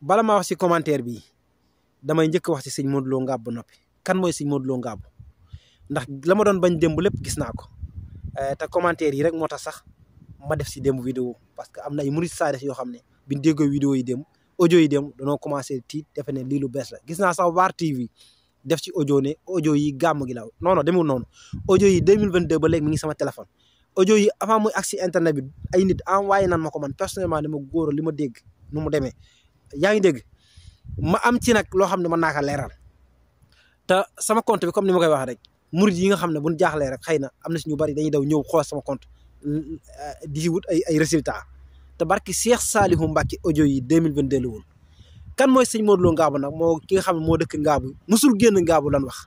bala ma wax si commentaire bi damay njëkk wax si sëñ Modou Lo ba noppi kan mooy sëñ Modou Lo ndax la ma doon bañ démb lépp gis naa ko eh, te commentaire yi rek moo tax sax ma def si démb vidéo parce que am na ay murid yoo xam ne biñ déggoo vidéo yi dem audio yi dem danoo commencé tiit defe ne lii lu bees la gis naa sax Waar def ci audio ne audio yi gàmm gi la non non noonu audio yi 2022 ba léegi mi ngi sama téléphone audio yi avant muy agsi internet bi ay nit envoyé nan ma ko man personnellement ma góor li ma dégg nu mu demee yaa ngi dégg ma am ci nag loo xam ne mën naa ko leeral te sama compte bi comme ni ma koy wax rek murid yi nga xam ne bu ñu jaaxlee rek xëy na am na si ñu bari dañuy daw ñëw xool sama compte di si ay ay résultats te barki Cheikh Salihu Mbacke audio yi deux mille vingt-deux la kan mooy sëñ Modou Lo Ngabou nag moo ki nga xam moo dëkk Ngabou musul génn ngaabu lan wax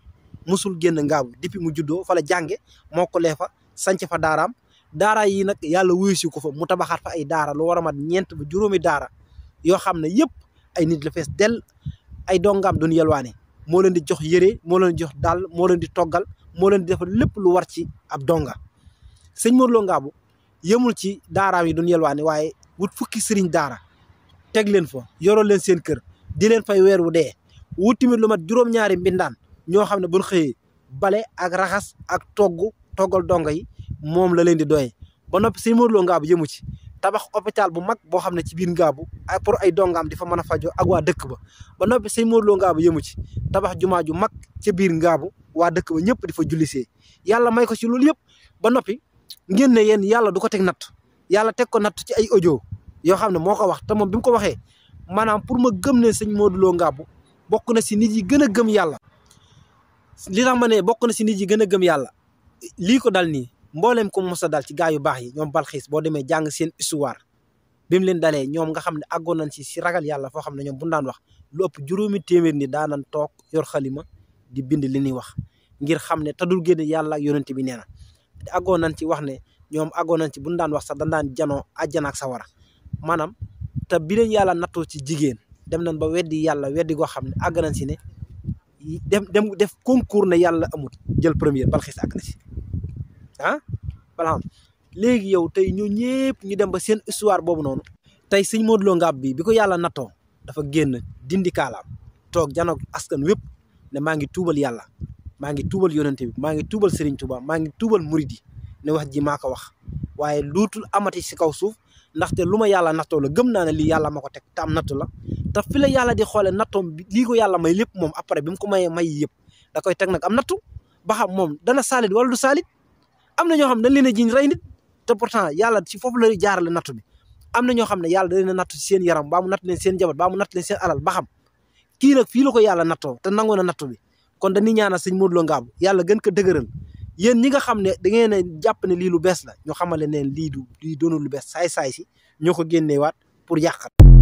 musul génn Ngabou depuis mu juddoo fala la moo ko lee fa sanc fa daaraam daara yi nag yàlla wuyu si ko fa mu tabaxaat fa ay daara lu war a mat ñeent ba juróomi daara yoo xam ne yëpp ay nit la fees dell ay dongaam duñu yelwaane moo leen di jox yére moo leen jox daal moo leen di toggal moo leen di defal lépp lu war ci ab donga sëñ Modou Lo Ngabou yemul ci daaraam yi duñu waaye wut fukki sëriñ daara teg leen fa yoroo leen seen kër di leen fay weer wu dee wuti tamit lu mat juróom-ñaari mbindaan ñoo xam ne buñ xëyee bale ak raxas ak togg toggal donga yi moom la leen di doyee ba noppi sëñ Modou Lo ci tabax hôpital bu mag boo xam ne ci biir ngaabu pour ay dongam di fa mën a fajoo ak waa dëkk ba ba noppi sëñ Modou Lo ngaabu yëmu ci tabax jumaa ju mag ca biir ngaabu waa dëkk ba ñëpp di fa jullisee yàlla may ko ci loolu yëpp ba noppi ngeen ne yéen yàlla du ko teg natt yàlla teg ko natt ci ay audio yoo xam ne moo ko wax te moom bi ko waxee maanaam pour ma gëm ne sëñ Modou Lo ngaabu bokk na si nit yi gën a gëm yàlla li tax ma ne bokk si nit yi gën a gëm yàlla lii ko dal nii mbooleem ku mos a dal ci gaa yu baax yi ñoom balxiis boo demee jàng seen histoire bi mu leen dalee ñoom nga xam ne àggoon nañ ci si ragal yàlla foo xam ne ñoom bu daan wax lu juróomi téeméer ni daanan toog yor xalima di bindi li ni wax ngir xam ne tadul génne yàlla ak yonent bi nee na àggoon nañ ci wax ne ñoom àggoon nañ ci bu ñu daan wax sax dañ daan jano àjjana ak sawara maanaam te bi leen yàlla nattoo ci jigéen dem nañ ba weddi yàlla weddi goo xam ne àgg nañ si ne dem dem def concours ne yàlla amut jël première balxiis àgg na si ah léegi yow tey ñoo ñëpp ñu dem ba seen histoire boobu noonu tey sëñ Modou Lo bi bi ko yàlla nattoo dafa génn dindi kaalaam toog janoog askan wépp ne maa ngi tuubal yàlla maa ngi tuubal yonente bi maa ngi tuubal Serigne Touba maa ngi tuubal murid ne wax ji maa ko wax waaye luutul amati si kaw suuf ndaxte lu ma yàlla nattoo la gëm naa ne lii yàlla ma ko teg am natu la te fi yàlla di xoole nattoom bi lii ko yàlla may lépp moom après bi mu ko mayee may yëpp da koy teg nag am nattu ba xam moom dana saalit wala am na ñoo xam ne dañ leen a jiñ rey nit te pourtant yàlla ci foofu la jaarale nattu bi am na ñoo xam ne yàlla da leen a nattu ci seen yaram baa mu natt leen seen jabar baa mu natt leen seen alal ba xam kii fii la ko yàlla nattoo te nangoo na nattu bi kon dañuy ñaanal sëñ Modou Lo Ngabou yàlla gën ko dëgëral yéen ñi nga xam ne da ngeen a jàpp ne lii lu bees la ñu xamale neen lii du lii doonul lu bees saay-saay si ñoo ko génneewaat pour yàqat